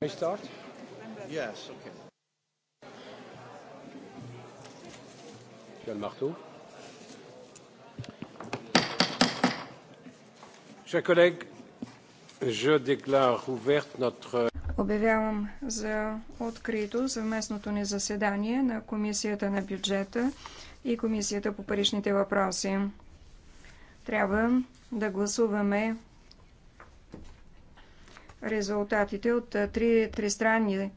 May start? Yes, okay. Tu as le marteau? Chers collègues, je déclare ouverte notre... Обявявам за открито съвместното ни заседание на Комисията на бюджета и Комисията по паричните въпроси. Трябва да гласуваме резултатите от три тристранни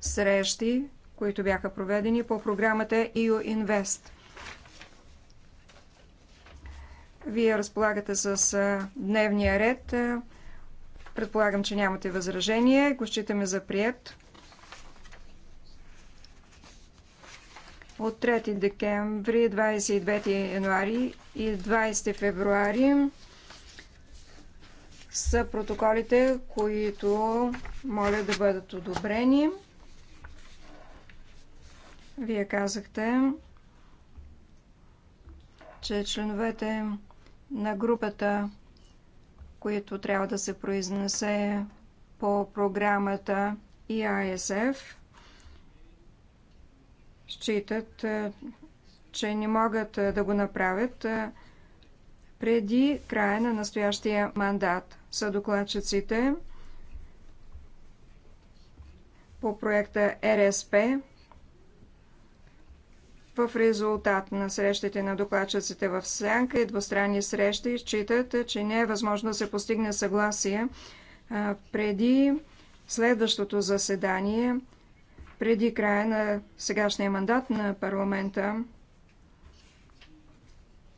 срещи, които бяха проведени по програмата EU Invest. Вие разполагате с дневния ред. Предполагам, че нямате възражение. Го считаме за прият. От 3 декември, 22 януари и 20 февруари са протоколите, които моля да бъдат одобрени. Вие казахте, че членовете на групата, които трябва да се произнесе по програмата EISF, считат, че не могат да го направят, преди края на настоящия мандат. Са докладчиците по проекта РСП в резултат на срещите на докладчиците в Сянка и двустранни срещи считат, че не е възможно да се постигне съгласие преди следващото заседание, преди края на сегашния мандат на парламента.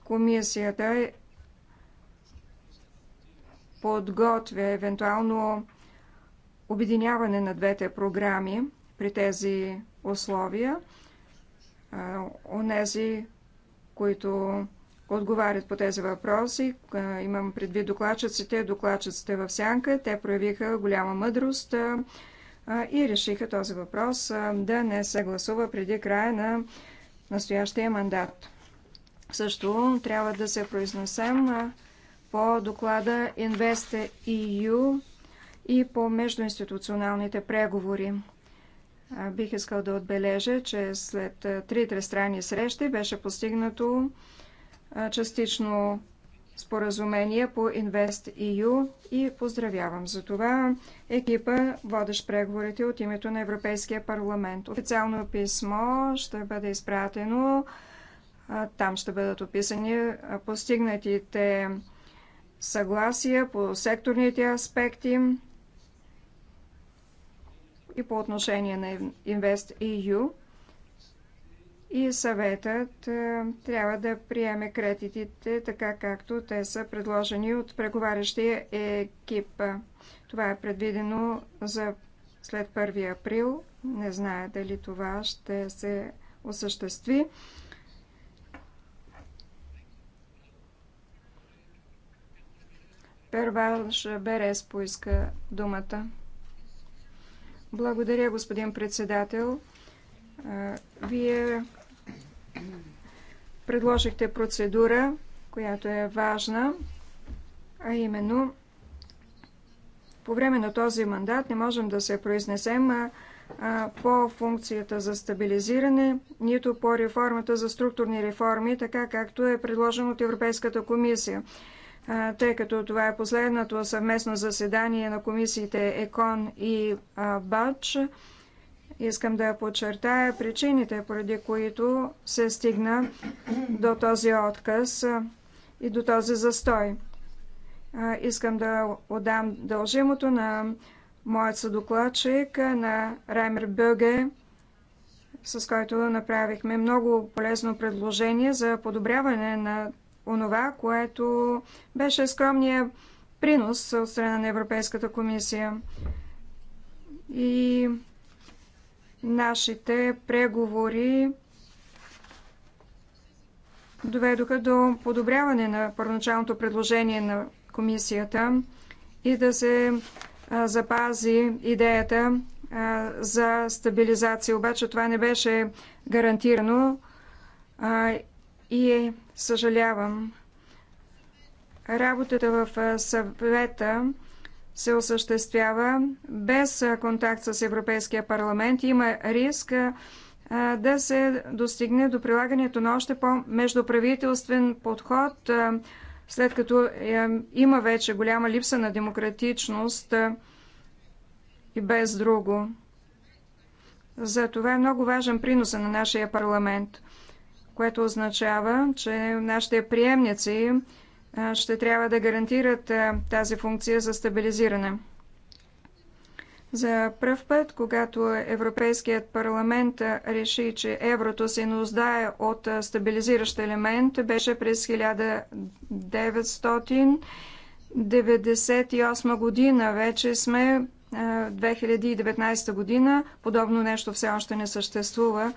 Комисията подготвя евентуално обединяване на двете програми при тези условия. Онези, които отговарят по тези въпроси, имам предвид докладчиците, докладчиците в сянка, те проявиха голяма мъдрост и решиха този въпрос да не се гласува преди края на настоящия мандат. Също трябва да се произнесем по доклада Invest EU и по междуинституционалните преговори. Бих искал да отбележа, че след три страни срещи беше постигнато частично споразумение по Invest EU и поздравявам за това екипа, водещ преговорите от името на Европейския парламент. Официално писмо ще бъде изпратено. Там ще бъдат описани постигнатите съгласие по секторните аспекти и по отношение на ИЮ И съветът е, трябва да приеме кредитите така, както те са предложени от преговарящия екип. Това е предвидено за след 1 април. Не зная дали това ще се осъществи. Перванш Берес поиска думата. Благодаря, господин председател. Вие предложихте процедура, която е важна, а именно по време на този мандат не можем да се произнесем а, а, по функцията за стабилизиране, нито по реформата за структурни реформи, така както е предложено от Европейската комисия тъй като това е последното съвместно заседание на комисиите ЕКОН и БАЧ, искам да подчертая причините, поради които се стигна до този отказ и до този застой. Искам да отдам дължимото на моят съдокладчик, на Раймер Бюге, с който направихме много полезно предложение за подобряване на онова, което беше скромния принос от страна на Европейската комисия. И нашите преговори доведоха до подобряване на първоначалното предложение на комисията и да се запази идеята за стабилизация. Обаче това не беше гарантирано и съжалявам. Работата в съвета се осъществява без контакт с Европейския парламент. Има риск да се достигне до прилагането на още по-междуправителствен подход, след като е, има вече голяма липса на демократичност и без друго. За това е много важен приноса на нашия парламент което означава, че нашите приемници ще трябва да гарантират тази функция за стабилизиране. За пръв път, когато Европейският парламент реши, че еврото се нуждае от стабилизиращ елемент, беше през 1998 година. Вече сме 2019 година. Подобно нещо все още не съществува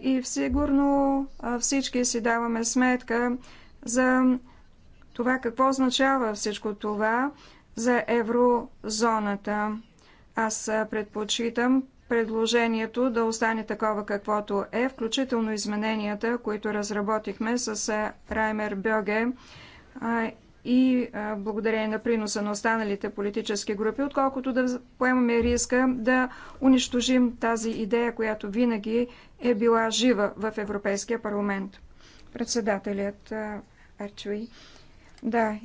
и сигурно всички си даваме сметка за това какво означава всичко това за еврозоната. Аз предпочитам предложението да остане такова каквото е, включително измененията, които разработихме с Раймер Бьоге и благодарение на приноса на останалите политически групи, отколкото да поемаме риска да унищожим тази идея, която винаги е била жива в Европейския парламент. Председателят Арчуи. Да,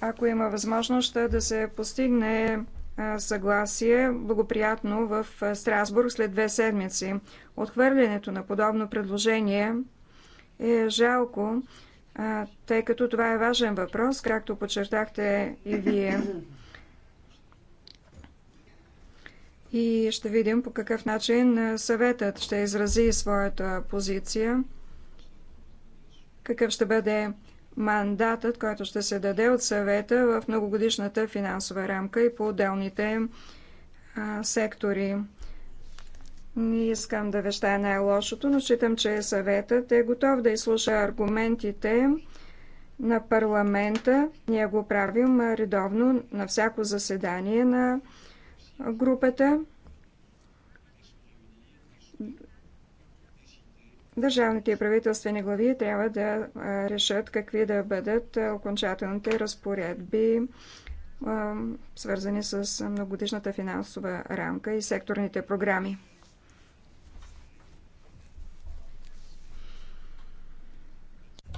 ако има възможност, да се постигне съгласие благоприятно в Страсбург след две седмици. Отхвърлянето на подобно предложение е жалко, тъй като това е важен въпрос, както подчертахте и вие. И ще видим по какъв начин съветът ще изрази своята позиция, какъв ще бъде мандатът, който ще се даде от съвета в многогодишната финансова рамка и по отделните а, сектори. Не искам да вещая най-лошото, но считам, че съветът е готов да изслуша аргументите на парламента. Ние го правим редовно на всяко заседание на групата. Държавните и правителствени глави трябва да решат какви да бъдат окончателните разпоредби, свързани с многодишната финансова рамка и секторните програми.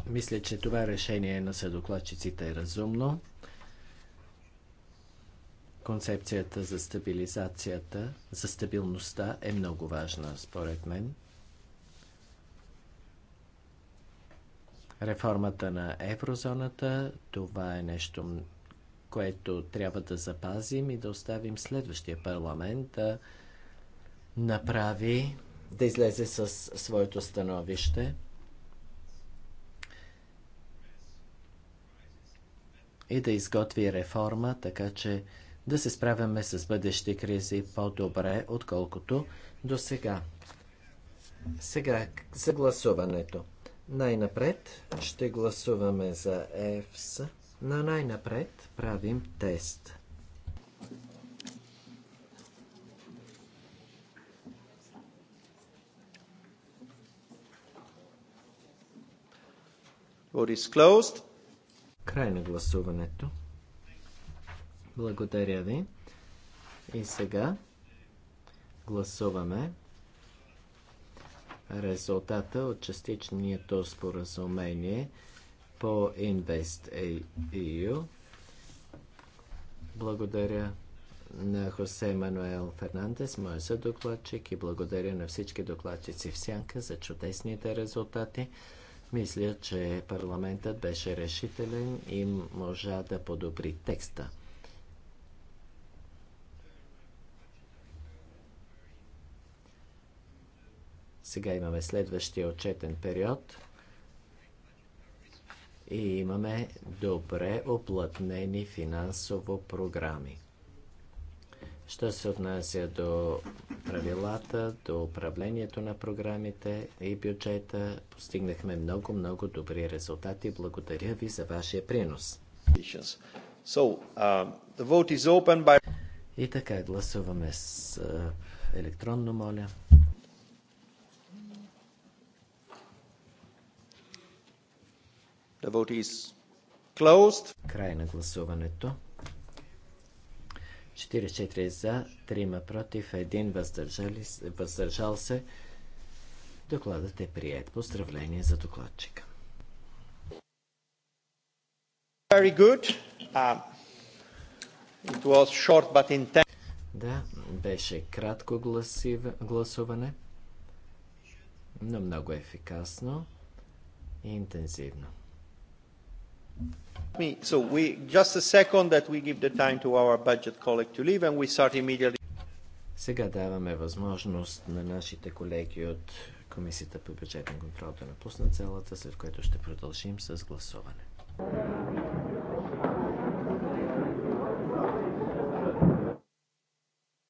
Мисля, че това решение на съдокладчиците е разумно. Концепцията за стабилизацията, за стабилността е много важна, според мен. Реформата на еврозоната, това е нещо, което трябва да запазим и да оставим следващия парламент да направи, да излезе с своето становище. и да изготви реформа, така че да се справяме с бъдещи кризи по-добре, отколкото до сега. Сега за гласуването. Най-напред ще гласуваме за ЕФС, но най-напред правим тест. Vote is closed. Край на гласуването. Благодаря ви. И сега гласуваме резултата от частичното споразумение по InvestEU. Благодаря на Хосе Мануел Фернандес, моя съдокладчик и благодаря на всички докладчици в Сянка за чудесните резултати. Мисля, че парламентът беше решителен и можа да подобри текста. Сега имаме следващия отчетен период и имаме добре оплътнени финансово програми. Що се отнася до правилата, до управлението на програмите и бюджета, постигнахме много, много добри резултати. Благодаря ви за вашия принос. So, uh, by... И така, гласуваме с uh, електронно, моля. Край на гласуването. 44 за, 3 против, 1 въздържал се. Докладът е прият. Поздравление за докладчика. Very good. Uh, it was short but intense. Да, беше кратко гласив... гласуване, но много ефикасно и интензивно. So we, just a second that we give the time to our budget colleague to leave and we start immediately. Сега даваме възможност на нашите колеги от Комисията по бюджетен контрол да напуснат залата, след което ще продължим с гласуване.